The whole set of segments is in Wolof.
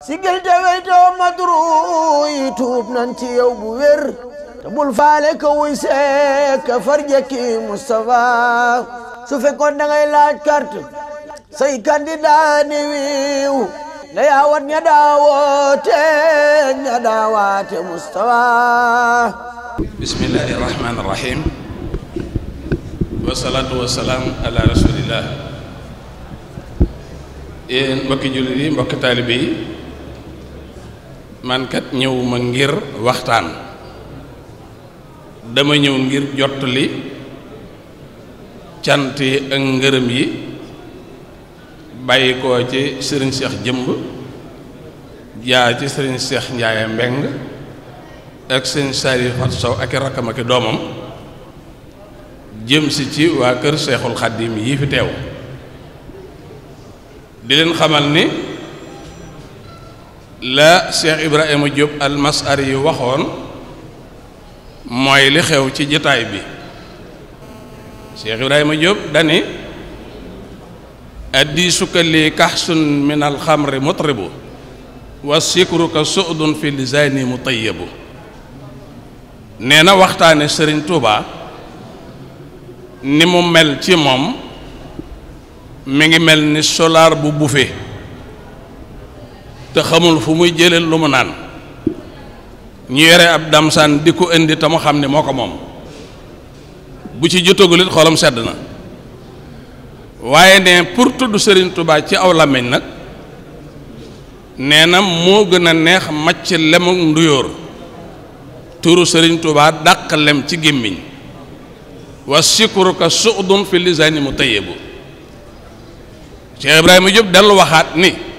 sigil te weytoo madru yi nanti yow bu wer te bul faale ko wuy seek ka farje ki Moustapha su fekkoon da ngay laaj carte say candidat ni wiiw na yaawat ña daawoote ña daawaate Moustapha bismillahi rahmani rahim wasalaatu ala rasulillah en mbokki julli mbokki man ñëwuma ngir waxtaan dama ñëw ngir jottali cant yi ak ngërëm yi bàyyi ko ci sëriñ Cheikh Jëmb jaa ci sëriñ Cheikh Ndiaye Mbeng ak sëriñ Saliou Fatou ak i rakkam ak i doomam jëm si ci waa kër Seexul Xaddim yi fi teew di leen xamal ni la Cheikh Ibrahima Diop al masari yu waxoon mooy li xew ci jataay bi Cheikh Ibrahima Diop dani addi sukka lii kaxsun min alxamri mutribu wa sikruka su'dun fi lisani mutayyabu nee na waxtaane sëriñ Touba ni mu mel ci moom mi ngi mel ni solaar bu bufe te xamul fu muy jëlee lu mu naan ñu yore ab damsaan di ko indi te mu xam ne moo ko moom bu ci jotagul it xolam sedd na waaye ne pour tudd sëriñ Touba ci aw làmmiñ nag nee na moo gën a neex macc lemu nduyóor turu Serigne Touba dàq lem ci gémmiñ wa sikruka su'dun fi lisaani mu tayyibu Cheikh Ibrahima Diop dellu waxaat ni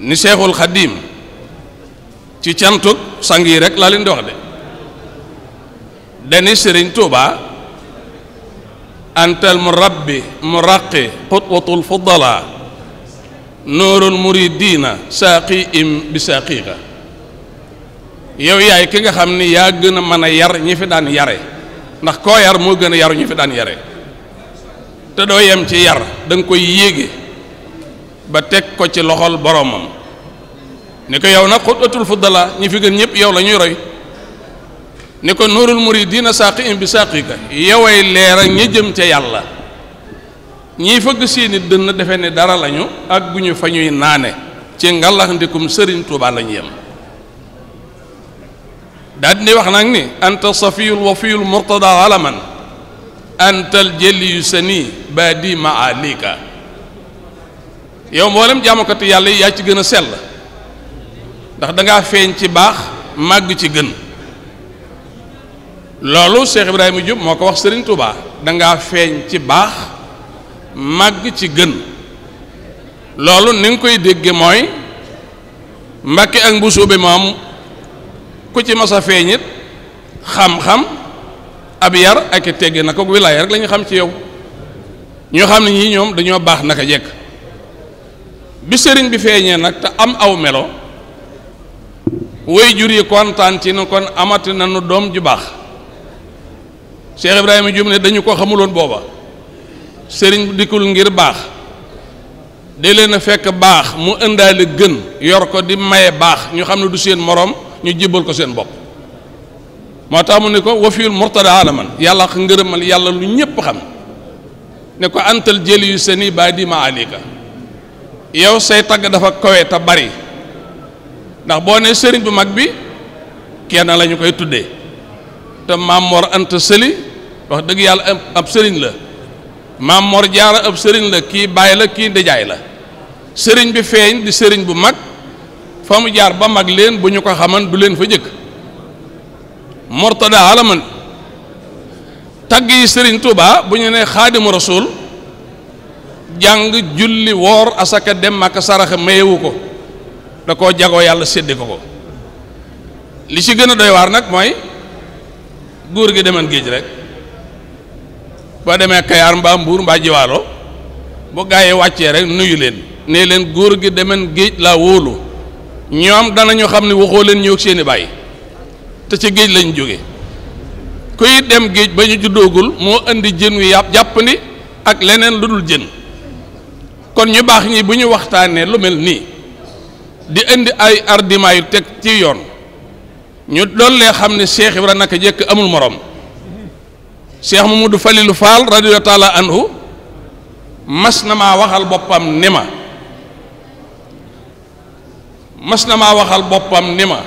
ni cheikhul khadim ci tiantuk sangi rek la len dox de deni serigne touba antal murabbi muraqi qutwatul fudala nurul muridina saqiim im bi saaqiqa yow yaay ki nga xamni ya gëna mëna yar ñi fi daan yare ndax Muga yar mo gëna yar ñi fi daan yare te do yem ci yar dang koy yégué ba tek ko ci loxol boromam ne ko yow nag fudala fuddala ñi fi gën ñep yaw lañuy roy ne ko muridina saqi bi saqika yoway leera ñi jëm ci yalla ñi fëgg seeni dënn defé ne dara lañu ak buñu fañuy naané ci ngalax ndikum sëriñ lañu yem daal ni wax nak ni anta safiyul wafiyul murtada alaman antal jeli yusani badi maalika yow mbolam jaamakati yalla ya sel. ci gëna sel ndax danga feeñ ci baax màgg ci gën loolu Cheikh Ibrahima Diop moo ko wax Serigne Touba dangaa feeñ ci baax màgg ci gën loolu ni nga koy dégge mooy Mbàkke ak Mbuso bi moom ku ci mas feeñ it xam-xam ab yar ak teggi na ko wilaay rek la xam ci yow ñoo xam ne ñii ñoom dañoo baax naka jekk bi sëriñ bi feeñee nag te am aw melo way juri contantine kon amati nanu dom ju bax cheikh ibrahim jum ne dañu ko boba. booba sëriñ dikul ngir bax de leena fekk mu ëndaale gën yor ko di maye bax ñu xamne du seen morom ñu jibal ko seen bop moo tax mu ne ko murtada alaman Yalla ngeureumal yalla lu ñepp xam ne ko antal jeli yu seni baa di ma alika yow say tag dafa kowe ta bari ndax bo ne serigne bu mag bi kenn lañu koy tuddé te Mamor Anta seli wax deug yalla ab serigne la Mamor Jaara ab serigne la ki baay la ki ndijaay la serigne bi feñ di serigne bu mag famu jaar ba mag leen buñu ko xaman du leen fa jëkk murtada alaman tagi serigne Touba buñu ne khadim rasul jang julli wor asaka dem ak saraxe mayewu da koo jagoo yàlla sédde ko ko li ci gën a doy waar nag mooy góor gi deman géej rek boo demee Kayaar mbaa Mbuur mbaa Jiwaalo bu gaa wàccee rek nuyu leen nee leen góor gi demen géej la wóolu ñoom danañu xam ne waxoo leen ñëw seeni bàyyi te ci géej lañ jóge kuy dem géej ba ñu juddoogul moo indi jën wi yàpp jàppandi ak leneen lu dul jën kon ñu baax ñi bu ñu waxtaanee lu mel nii di indi ay argument teg ci yoon ñu doon xam ne Cheikh Ibra naka jekk amul moroom Cheikh Mamadou Falilou Fall radiyallahu taala anhu mas na maa waxal boppam ni ma mas na maa waxal boppam ni ma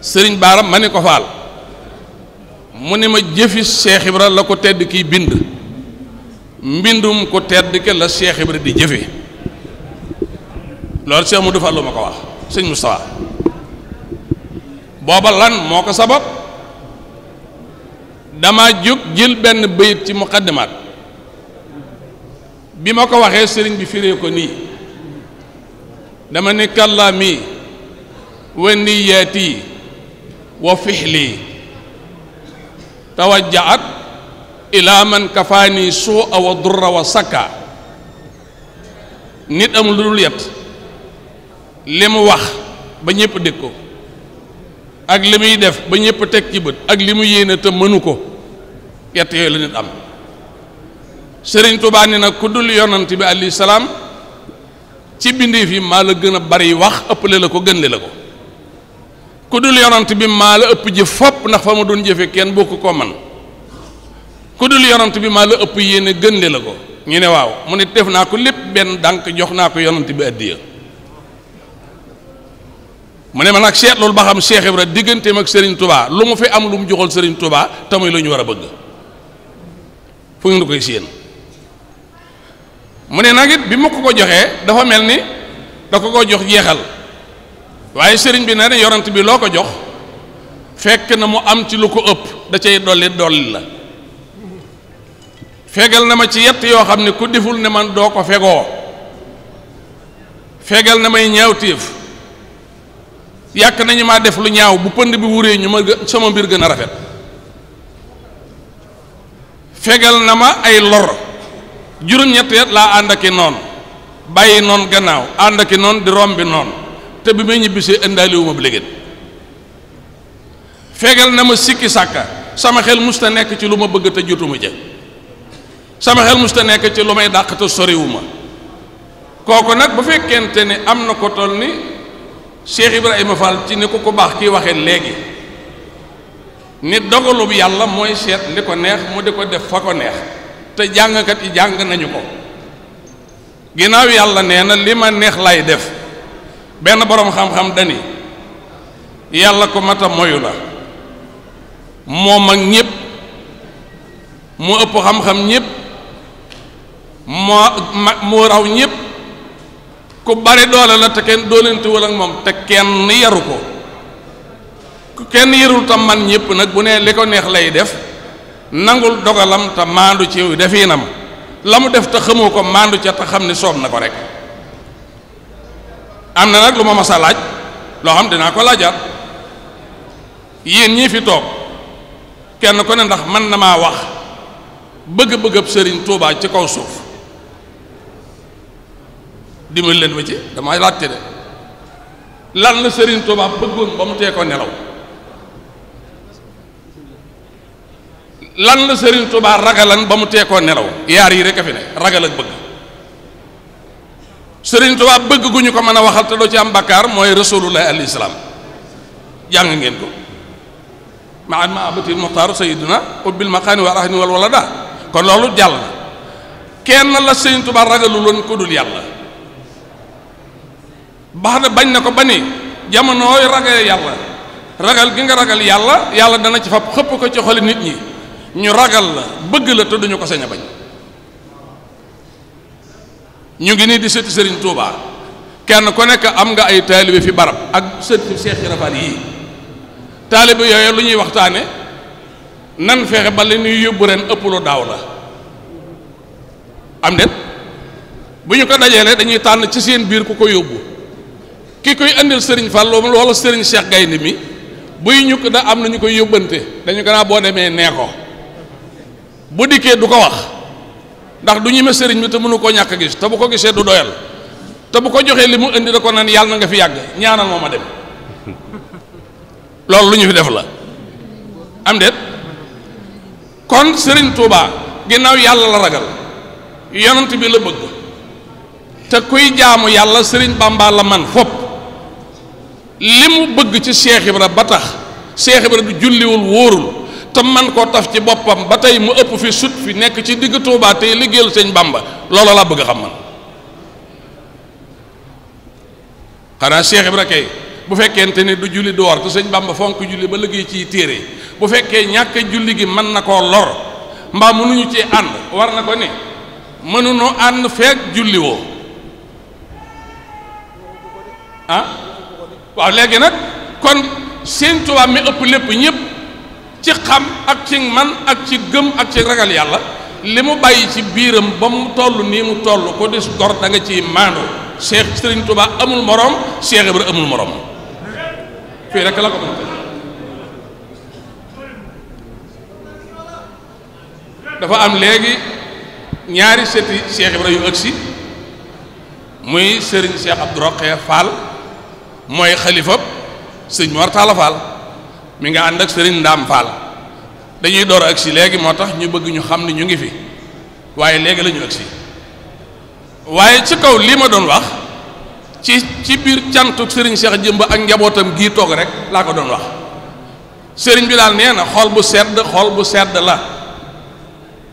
sëriñ baaram ma ne ko faal mu ne ma jëfi Cheikh Ibra la ko tedd kiy bind mbindum ko tedd ke la Cheikh Ibra di jëfe lor Cheikh Modou Fallou mako wax seigne Moustapha boba lan moko sabab dama juk jil ben beuyit ci muqaddimat bi ko waxe serigne bi firee ko ni dama ne kàllaami wani yati wa fihli tawajjaat ila man kafani su'a wa durra wa saka nit amul dul li mu wax ba ñëpp dégg ko ak li muy def ba ñëpp teg ci bët ak li mu yéene te mënu ko yett yooyu la nit am sëriñ Tuubaa ne nag ku dul yonant bi alayhi salaam ci bindéef yi maa la gën a bari wax ëpple la ko gënle la ko ku dul yonant bi maa la ëpp jëf fopp ndax fa ma doon jëfe kenn bokk ko man ku dul yonant bi maa la ëpp yéene gënle la ko ñu ne waaw mu ne def naa ko lépp benn dànk jox naa ko yonant bi addiya mu ne ma nag seet loolu ba xam Cheikh rek digganteem mag Serigne Touba lu mu fi am lu mu joxal Serigne Touba tamuy la ñu war a bëgg fu ñu koy séen mu ne nag it bi mu ko ko joxee dafa mel ni da ko ko jox jeexal waaye sëriñ bi nee na yorant bi loo ko jox fekk na mu am ci lu ko ëpp da cay dolli dolli la fegal na ma ci yett yoo xam ne ku deful ne man doo ko fegoo fegal na may ñaawtéef yàq nañu maa def lu ñaaw bu pënd bi wuree ñu ma sama mbir gën a rafet fegal na ma ay lor juróom-ñetti at laa ànd aki noon bàyyi noon gannaaw ànd aki noon di rombi noonu te bi may ñibbisee ëndaaliwu ma bu léegi fegal na ma sikki sàkka sama xel musta nekk ci lu ma bëgg te jotuma ja sama xel musta nekk ci lu may dàq te soriwu ma kooku nag bu fekkente ne am na ko toll ni cheikh ibrahima fall ci ni ko ku baax kii waxee léegi ni dogalub yàlla mooy seet li ko neex mu di ko def fa ko neex te jàngkat yi jàng nañu ko ginnaaw neex lay def ben boroom xam-xam dani yàlla ko mata moyula la ak ñépp mu ëpp xam-xam ñépp moo mu raw ñépp ku bari doole la te kenn wala ak moom te kenn yaru ko ku kenn yarul tam man ñépp nag bu ne li ko neex lay def nangul dogalam te maandu ci defiinam la mu def te xamoo ko maandu ca te xam ni soob na ko rek am na nag lu ma mas laaj loo xam dinaa ko laajaat yéen ñi fi toog kenn ko ne ndax man na maa wax bëgg-bëggab sëriñ touba ci kaw suuf dimbali leen ma ci damay laajte de lan la sëriñ Touba bëggoon ba mu tee nelaw lan la Serigne Touba ragalan ba mu tee nelaw yaar yi rek a fi ne ragal ak bëgg Serigne Touba bëgg gu ñu ko mën a waxal te doo ci am bakkaar mooy rasulullah alayhi salaam jàng ngeen ko ma an ma abati muxtaar sayyiduna ubbil maqaani wa rahni wal walada kon loolu jàll na kenn la Serigne Touba ragalu loon ko dul yàlla baxda bañ na ko ba ni jamonooy ragale yàlla ragal gi nga ragal yàlla yàlla dana ci fab xëpp ko ci xoli nit ñi ñu ragal la bëgg la te duñu ko sañ bañ ñu ngi nii di sëti sëriñ Touba kenn ku nekk am nga ay taalibe fi barab ak sëti Cheikh Rafaal yii taalibe yooyu lu ñuy waxtaane nan fexe ba li ñuy yóbbu leen ëpp lu daaw la am déet bu ñu ko dajalee dañuy tànn ci seen biir ku ko yóbbu ki koy andil sëriñ Fallou wala sëriñ seex Gaynde mi buy ñukk da am na ñu koy yóbbante dañu gën boo demee nee ko bu dikkee du ko wax ndax du ñime sëriñ bi te mënu koo ñàkk gis te bu ko gisee du doyal te bu ko joxee li mu indi da ko naan yàlla na nga fi yàgg ñaanal moo ma dem loolu lu ñu fi def la am déet kon sëriñ Touba ginnaaw yàlla la ragal yonent bi la bëgg te kuy jaamu yàlla sëriñ Bamba la man fopp li mu bëgg ci Cheikh Ibra ba tax Cheikh Ibra du julliwul wóorul te man koo taf ci boppam ba tey mu ëpp fi sut fi nekk ci digg Tuubaa tey liggéeyal sëñ Bàmba loolu laa bëgg xam man xanaa Cheikh Ibra kay bu fekkente ne du julli du war te sëñ Bàmba fonk julli ba liggéey ciy téere bu fekkee ñàkk julli gi mën na koo lor mbaa mënuñu ci ànd war na ko ne mënuñu ànd feek julli ah? waaw léegi nag kon sëñ Tuubaa mi ëpp lépp ñëpp ci xam ak ci man ak ci gëm ak ci ragal yàlla li mu bàyyi ci biiram ba mu toll nii mu toll ko dis gor danga nga ciy maandoo Cheikh Sëriñ Tuubaa amul moroom Cheikh Ibra amul moroom fii rek la ko mën dafa am léegi ñaari sëti Cheikh Ibra yu ëgsi muy Sëriñ Cheikh Abdou Rokhaya Fall moy khalifa sëñ mar Talla Fall mi nga and ak serigne ndam Fall dañuy door ak léegi moo motax ñu bëgg ñu xam ni ñu ngi fi waye léegi lañu ak agsi waye ci kaw li ma doon wax ci ci bir cantuk serigne Cheikh Jëmb ak njabotam gi tok rek la ko doon wax serigne bi xol bu sedd xol bu sedd la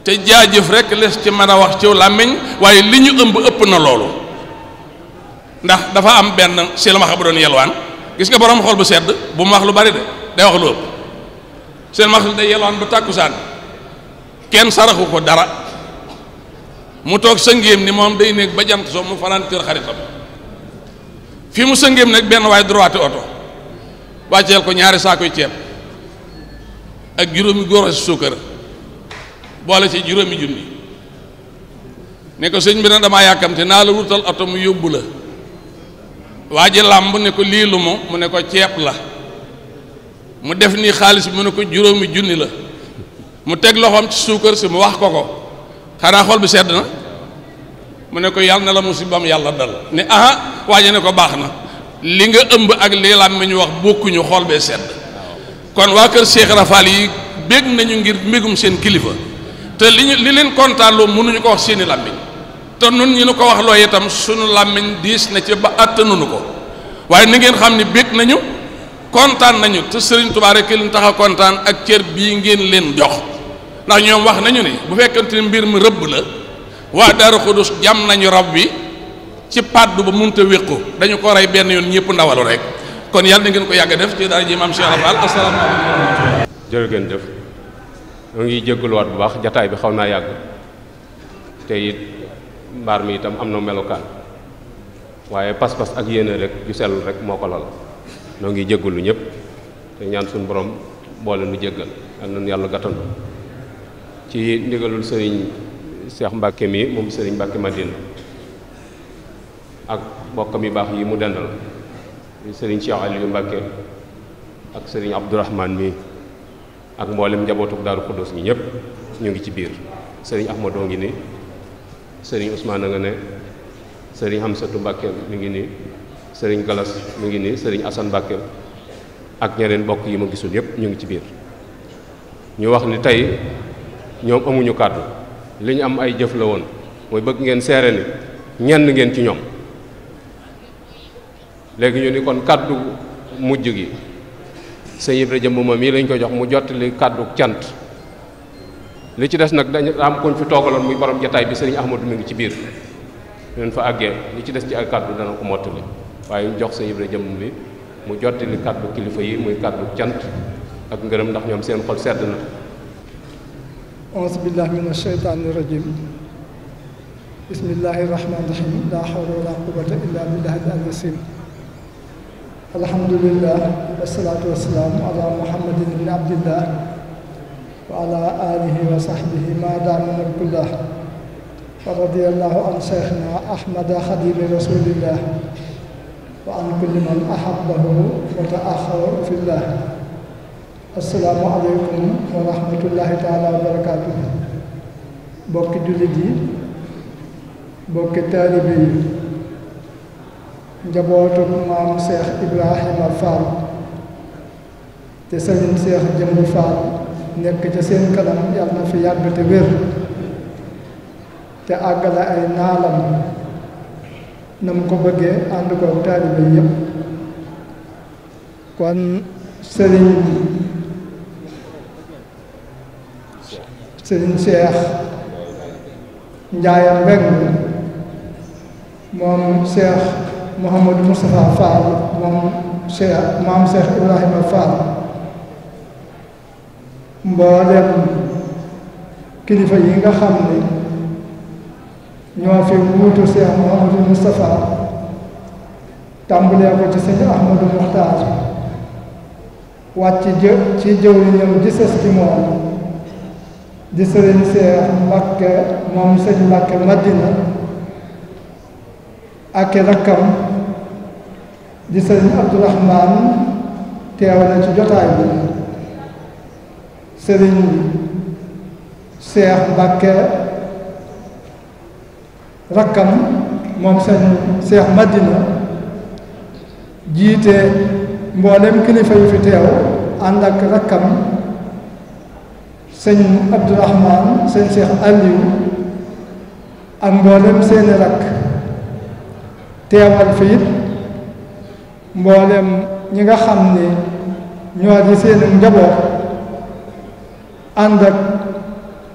te jaajeuf rek les ci mëna wax ci làmmiñ waye li ëmb ëpp na loolu ndax dafa am benn silmaxa xabu don yelwan gis nga borom xol bu sedd bu wax lu bari de day wax lu ëpp max day yelwan bu takusan ken saraxu ko dara mu tok sëngéem ni mom day nek ba jant so mu falantir kër xaritam fi mu sëngéem nag ben way droite auto wàcceel ko ñaari koy tiep ak juróomi góor si suukar boole ci juroomi junni ne ko sëñ bi na dama yàkkamte na la wutal auto mu yobula waji lamb ne ko lii lu mu ne ko ciep la mu def ni khalis mu ne ko juromi junni la mu tek loxom ci suukar ci mu wax ko ko xana xol bi sedd na mu ne ko yalla na la musibam yalla dal ne aha waji ne ko baxna li nga ëmb ak lii mi ñu wax ñu xol be sedd kon wa keur Cheikh Rafal yi nañu ngir megum sen kilifa te li li leen contalo mënuñu ko wax te nun ñu ko wax loo itam sunu làmmiñ diis na ci ba attanunu ko waaye ni ngeen xam ni bég nañu kontaan nañu te sëriñ tubaa rek leen tax a kontaan ak cër bii ngeen leen jox ndax ñoom wax nañu ni bu fekkante ni mbir mi rëbb la waa xudus jam nañu rabbi. bi ci paddu ba munta wéqu dañu ko rey benn yoon ñëpp ndawalu rek kon yàlla ni ngeen ko yàgg def ci daal ji maam Cheikh Rafal asalaamaaleykum jërë ngeen jëf ngi jégaluwaat bu baax jataay bi xaw naa te it mbar mi itam am melokan waye pas-pas ak yene rek ju sel rek moko lol no ngi jéggulu ñep te ñaan suñu borom leen ñu jéggal ak nañu yàlla gàttandu ci ndigalul señ Cheikh Mbacke mi mom señ Mbacke Madina ak bokkami bax yi mu dendal señ Cheikh ali Mbacke ak señ Abdourahmane mi ak mboolem njabotuk daru Xuddoos ñi ñëpp ñu ngi ci biir señ Ahmadou ngi ni Sering Ousmane nga ne serigne hamsatou sering mi ngi ni serigne Galas mi ngi ni serigne Asan Mbàkke ak ñeneen bokk yi ma gisul yépp ñu ngi ci biir ñu wax ni tey ñoom amuñu kàddu li ñu am ay jëf la woon mooy bëgg ngeen seere ni ñenn ngeen ci ñoom léegi ñu ni kon kàddu mujj gi sëñ Ibra jëmb moom lañ ko jox mu jotali kàddu cant li ci des nag dañu am koñ fi toogaloon muy borom jataay bi sëriñ Ahmadou mi ngi ci biir leen fa àggee li ci des ci ay kàddu dana ko mottali waaye ñu jox sëñ Ibra jëmm bi mu jottali kàddu kilifa yi muy kàddu cant ak ngërëm ndax ñoom seen xol sedd na auzu billahi mina sheytaani rajim bismillahi rahmaani rahim laa hawla wala quwwata illa billahi al-azim alhamdulillah wasalaatu wasalaamu ala muhammadin ibn abdillah وعلى آله وصحبه ما دام ملك الله فرضي الله عن شيخنا أحمد خديم رسول الله وعن كل من أحبه وتأخر في الله السلام عليكم ورحمة الله تعالى وبركاته بوك جلدي بوك تالبي njabootum مام شيخ إبراهيم الفارق تسلم شيخ جمع الفارق nekk ca seen kanam yàlla fi yàgg te wér te àggale ay naalam na mu ko bëggee ànd ko taalibe yépp kon sëriñ sëriñ Seex Njaay Mbeng moom Seex Mouhamadou Moustapha Fall moom Seex maam Seex Ibrahima Fall mboolem kilifa yi nga xam ne ñoo fi wuutu Cheikh Mouhamadou Moustapha tàmbalee ko ci sëñ Ahmadou Mokhtar wàcc jë ci jëw ñam di sës ci moom di sëriñ Cheikh Mbacke moom sëñ Mbacke Madina ak rakkam di sëriñ Abdourahman teew na ci jotaay bi sëriñ Seex Mbàkke rakkam moom sëriñ Seex Madina jiite mboolem kilifa yu fi teew ànd ak rakkam sëñ Abdourahman sëñ Seex Aliou ak mboolem seeni rakk teewal fi mboolem ñi nga xam ne ñoo di seeni njaboot ànd ak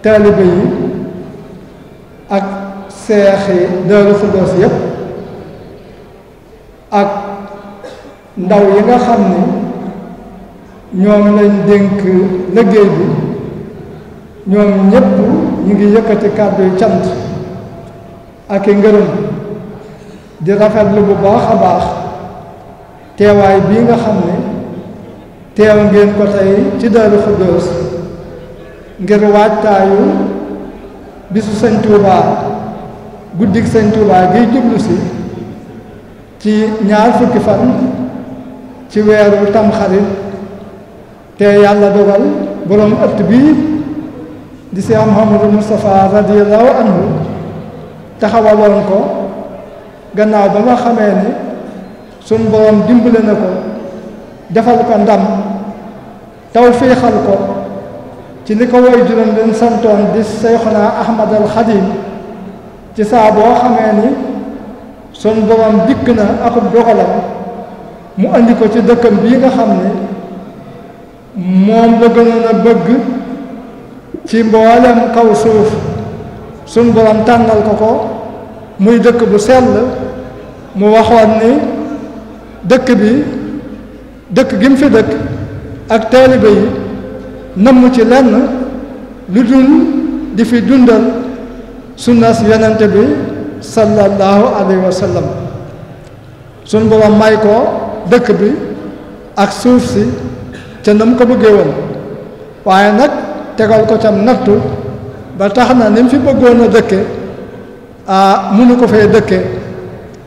taalibe yi ak seexi Daaru Xudoos yépp ak ndaw yi nga xam ne ñoom lañ dénk liggéey bi ñoom ñépp ñu ngi yëkkati kàddu yu cant ak i ngërëm di rafetlu bu baax a baax teewaay bii nga xam ne teew ngeen ko tey ci Daaru Xudoos ngir waajtaayu bisu sëñ Tuubaa guddik sëñ Tuubaa giy jublu si ci ñaar fukki fan ci weeru tamxarit te yàlla dogal borom ëtt bii di Seex Muhammadu Moustapha radiyallahu anhu taxawaloon ko gannaaw ba nga xamee ni suñ borom dimbale na ko defal ko ndam taw ko ci li ko woy juróom leen santoon di Seyxuna Ahmad al ci saaboo boo xamee ni sun borom dikk na akub dogalam mu andi ko ci dëkkam bii nga xam ne moom la gënoon a bëgg ci mboolem kaw suuf sun borom tànnal ko ko muy dëkk bu sell mu waxoon ni dëkk bi dëkk gi mu fi dëkk ak taalibe yi namm ci lenn lu dul di fi dundal sunnas yonente bi sallallahu alayhi wa sallam sun borom may ko dëkk bi ak suuf si ca nam ko bëggee woon waaye nag tegal ko cam nattu ba tax na ni mu fi bëggoon a dëkke a mënu ko fee dëkke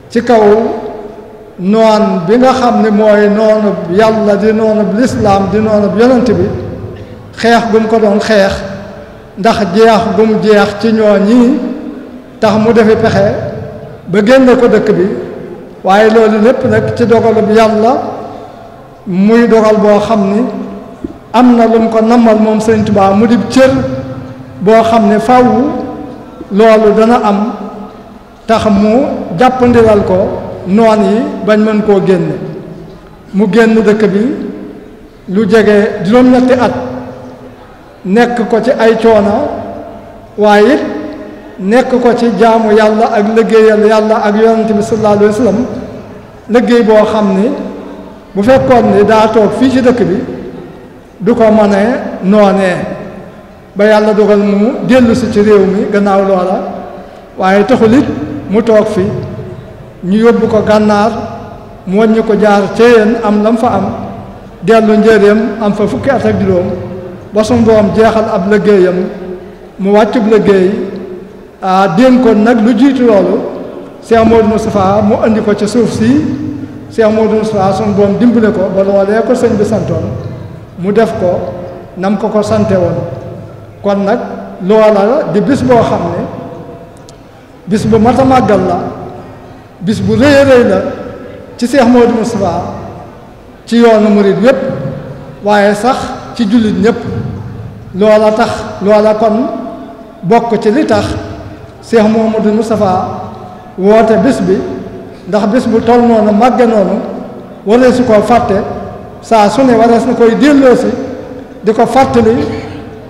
ci kaw noon bi nga xam ne mooy noonub yàlla di noonub lislaam di noonub yonent bi xeex gum ko doon xeex ndax jeex gum jeex ci ñoo ñii tax mu defi pexe ba génne ko dëkk bi waaye loolu lépp nag ci dogalub yàlla muy dogal boo xam ni am na lu mu ko nammal moom Sëriñ Tuubaa mu dib cër boo xam ne fàww loolu dana am tax mu jàppandiral ko noon yi bañ mën koo génne mu génn dëkk bi lu jege juróom-ñetti at nekk ko ci ay coono waaye it nekk ko ci jaamu yàlla ak liggéeyal yàlla ak yonent bi sallallahu alayhi wa liggéey boo xam ni bu fekkoon ni daa toog fii ci dëkk bi du ko mënee noonee ba yàlla dogal mu dellu si ci réew mi gannaaw loola waaye taxul it mu toog fi ñu yóbbu ko gànnaar mu wàññi ko jaar ceyeen am lam fa am dellu njëreem am fa fukki at ak juróom ba suñu borom jeexal ab liggéeyam mu wàccub liggéey a déen ko nag lu jiitu loolu Cheikh Modou Moustapha mu andi ko ci suuf si Cheikh Modou Moustapha suñu borom dimbale ko ba loolee ko sëñ bi santoon mu def ko nam ko ko sante woon kon nag loola di bis boo xam ne bis bu mat a la bis bu rëy rëy la ci Cheikh Modou Moustapha ci yoonu murid wépp waaye sax ci jullit ñépp loola tax loola kon bokk ci li tax Cheikh Mouhamadou Moustapha woote bés bi ndax bés bu toll noonu màgge noonu waree su koo fàtte saa su ne warees na koy delloosi di ko fàttali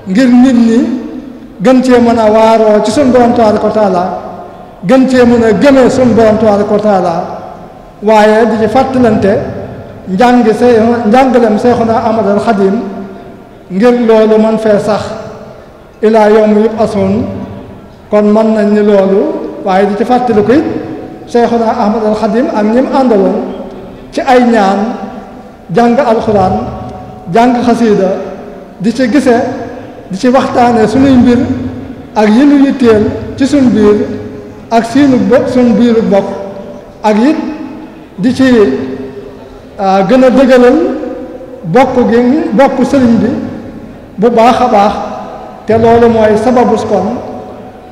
ngir nit ñi gën cee mën a waaroo ci suñ borom tabaaraka wa gën cee mën a gëmee suñ borom tabaaraka wa taala waaye di ci fàttalante njàngi say njàngalem Seexuna Ahmadul Xadim ngir loolu man fee sax ilaa yawmi yub'asuun kon mën nañ ni loolu waaye di ci fàttaliku it Seyxuna Ahmad al ak ñim àndaloon ci ay ñaan jàng alxuraan jàng xasiida di ci gise di ci waxtaane suñuy mbir ak yinu ñu yitteel ci suñ biir ak siinu bopp suñ biiru bopp ak it di ci ah, gën a dëgëral bokk gi bokk sëriñ bi bu baax a baax te loolu mooy sababus kon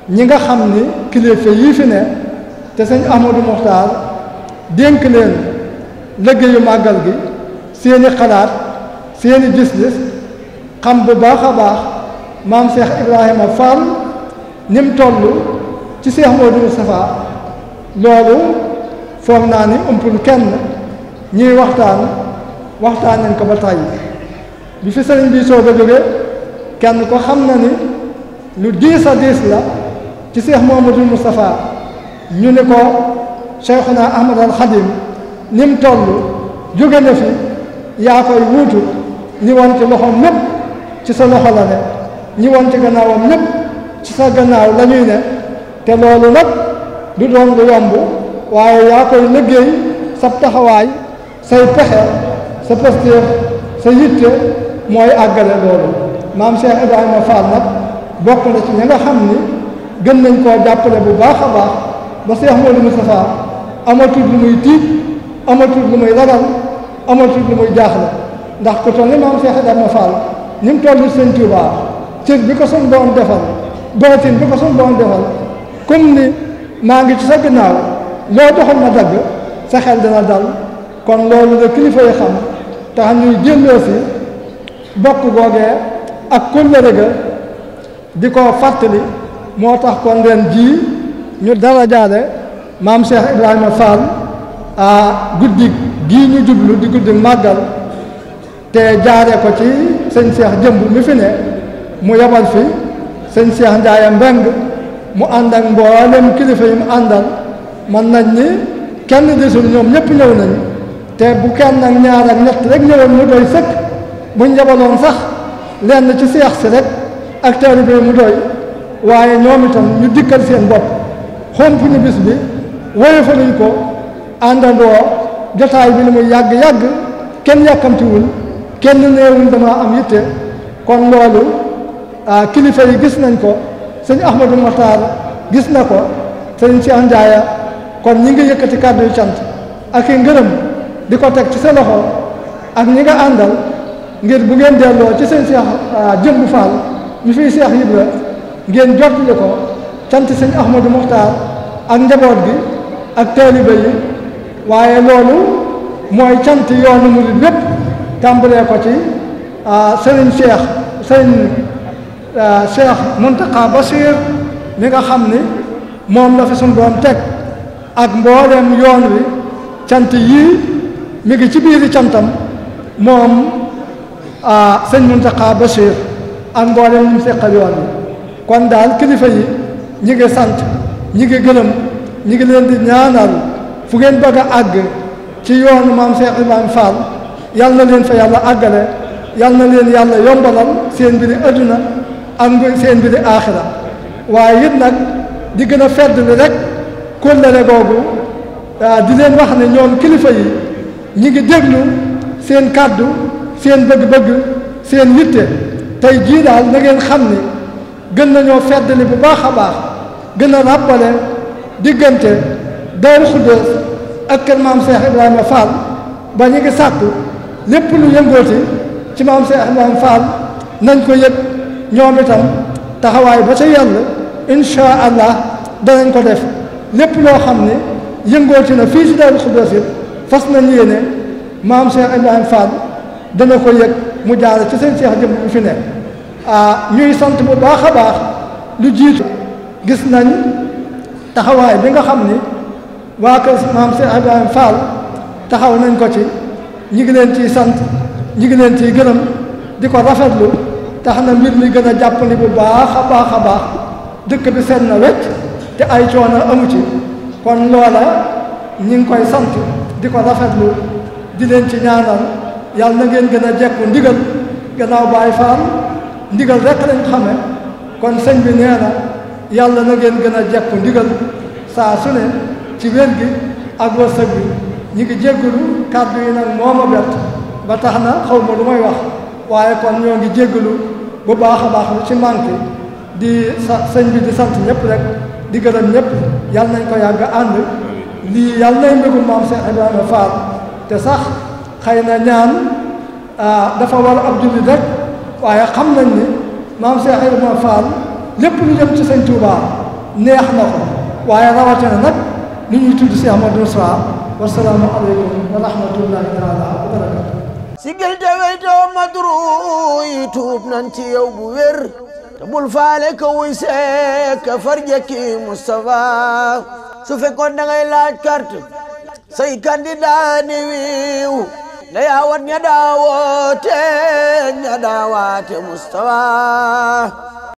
ñi nga xam ni kilifa yii fi ne te sëñ Ahmadou Mokhtar dénk leen liggéeyu màggal gi seeni xalaat seeni gis xam bu baax a baax maam Cheikh Ibrahima Fall ni mu toll ci Cheikh Modou Moustapha loolu foog naa ni umpul kenn ñuy waxtaan waxtaan nañ ko ba tàyyi bi fi sëriñ bi soog a jógee kenn ko xam na ni lu diis a diis la ci seex Muhammadul Moustapha ñu ni ko Cheikhuna Ahmad al Xadim ni jóge na fi yaa koy wuutu ñi woon ci loxoom lépp ci sa loxo la ne ñi woon ci gannaawam lépp ci sa gannaaw la ñuy te loolu nag du doon lu yomb waaye yaa koy liggéey sa taxawaay say pexe sa pastéef sa yitte mooy àggale loolu maam Cheikh ma Fall nag bokk na ci ñi nga xam ni gën nañ koo jàppale bu baax a baax ba Cheikh Modou Moustapha amatul lu muy tiit amatul lu muy ragal amatul lu muy jaaxle ndax ku toll ni maam Cheikh Ibrahima Fall ni mu toll Sëñ Tuubaa cër bi ko suñ doon defal dootin bi ko suñ doon defal comme ni maa ngi ci sa ginnaaw loo doxal ma dagg sa xel dina dal kon loolu la kilifa yi xam te ñuy jëlloo si bokk googee ak kóllëre ga di ko fàttali moo tax kon ren jii ñu dara jaale maam Cheikh Ibrahima Fall a guddi gii ñu jublu di guddi màggal te jaare ko ci sëñ Cheikh jëmb mi fi ne mu yabal fi sëñ Cheikh Ndiaye Mbeng mu ànd ak mboolem kilifa yi mu àndal mën nañ ni kenn desul ñoom ñëpp ñëw nañ te bu kenn ak ñaar ak ñett rek ñëwoon mu doy sëkk buñ yabaloon sax lenn ci seex si rek ak taalibe mu doy waaye ñoom itam ñu dikkal seen bopp xomp ñu bis bi woyofaluñ ko àndandoo jotaay bi li muy yàgg-yàgg kenn yàkkamtiwul kenn neewul damaa am yitte kon loolu kilifa yi gis nañ ko sëñ Ahmadou Matar gis na ko sëñ ci anjaaya kon ñi ngi yëkkati kàddu yu cant ak i ngërëm di ko teg ci sa ak ñi nga àndal ngir bu ngeen delloo ci seen seex ah, jëmb faal ñu fiy seex yibra ngeen jottali ko cant sëñ ahmadou muxtaar ak njaboot gi ak taaliba yi waaye loolu mooy cant yoonu murid bépp tàmbalee ko ci ah, sëriñ seex sëriñ ah, seex muntaqa basiir mi nga xam ni moom la fi suñu teg ak mbooleem yoon wi cant yii mi ngi ci biiri cantam moom Ah, sëñ Muntaxa Bachir ak mboolem ñu seqal kon daal kilifa yi ñi sant ñi ngi gërëm ñi ngi leen di ñaanal fu ngeen bëgg a àgg ci yoonu maam Cheikh Ibrahima Fall yal na leen fa yàlla àggale yal leen yàlla yombalal seen mbiri adduna ak seen mbiri aaxira waaye it nag di gën a fedd li rek kóllëre googu ah, di leen wax ne ñoom kilifa yi ñi ngi déglu seen kàddu seen bëgg-bëgg seen yitte tey jii daal na xam ni gën nañoo feddali bu baax a baax gën a rappale diggante Daaru Xuddoos ak kër maam Cheikh Ibrahima Fall ba ñu ngi sàkku lépp lu yëngooti ci maam Cheikh Ibrahima Fall nañ ko yëg ñoom itam taxawaay ba ca yàlla incha allah danañ ko def lépp loo xam ne yëngooti na fii ci Daaru Xuddoos it fas nañ yéene maam Cheikh Ibrahima Fall dana ko yëg mu jaare ci seen seex jëm bu fi ne ah ñuy sant bu baax a baax lu jiitu gis nañ taxawaay bi nga xam ni waa kër maam Seex Ibrahima Fall taxaw nañ ko ci ñi ngi leen ciy sant ñi ngi leen ciy gërëm di ko rafetlu tax na mbir mi gën a jàppandi bu baax a baax a baax dëkk bi seen na wecc te ay coono amu ci kon loola ñi ngi koy sant di ko rafetlu di leen ci ñaanal yàlla na ngeen gën a jekku ndigal gannaaw Baay Faal ndigal rek lañ xame kon sëñ bi nee yàlla na ngeen gën a jekku ndigal saa su ne ci wér gi ak wërsëg bi ñu ngi jéggulu kàddu yi nag moo ba tax na xaw ma lu may wax waaye kon ñoo ngi jéggulu bu baax a baax lu ci manqué di sa sëñ bi di sant ñëpp rek di gërëm ñëpp yàlla nañ ko yàgg ànd li yàlla nañ mbégum maam Cheikh Ibrahima Fall te sax xay na ñaan ah, dafa war ab jullit rek waaye xam nañ ni maam Cheikh Ibrahima Fall lépp lu jëm ci sëñ neex na ko waaye rawatina nag li ñuy tudd si Amadou Sa wasalaamu aleykum wa rahmatullahi taala wa barakatu sigil te weytoo madru yi tuub nan ci yow bu wér te bul faale ko wuy seek farjëkki Moustapha su fekkoon da ngay laaj carte say candidat wiiw da yawat ña eh, daawoote ña daawaate eh, mustawa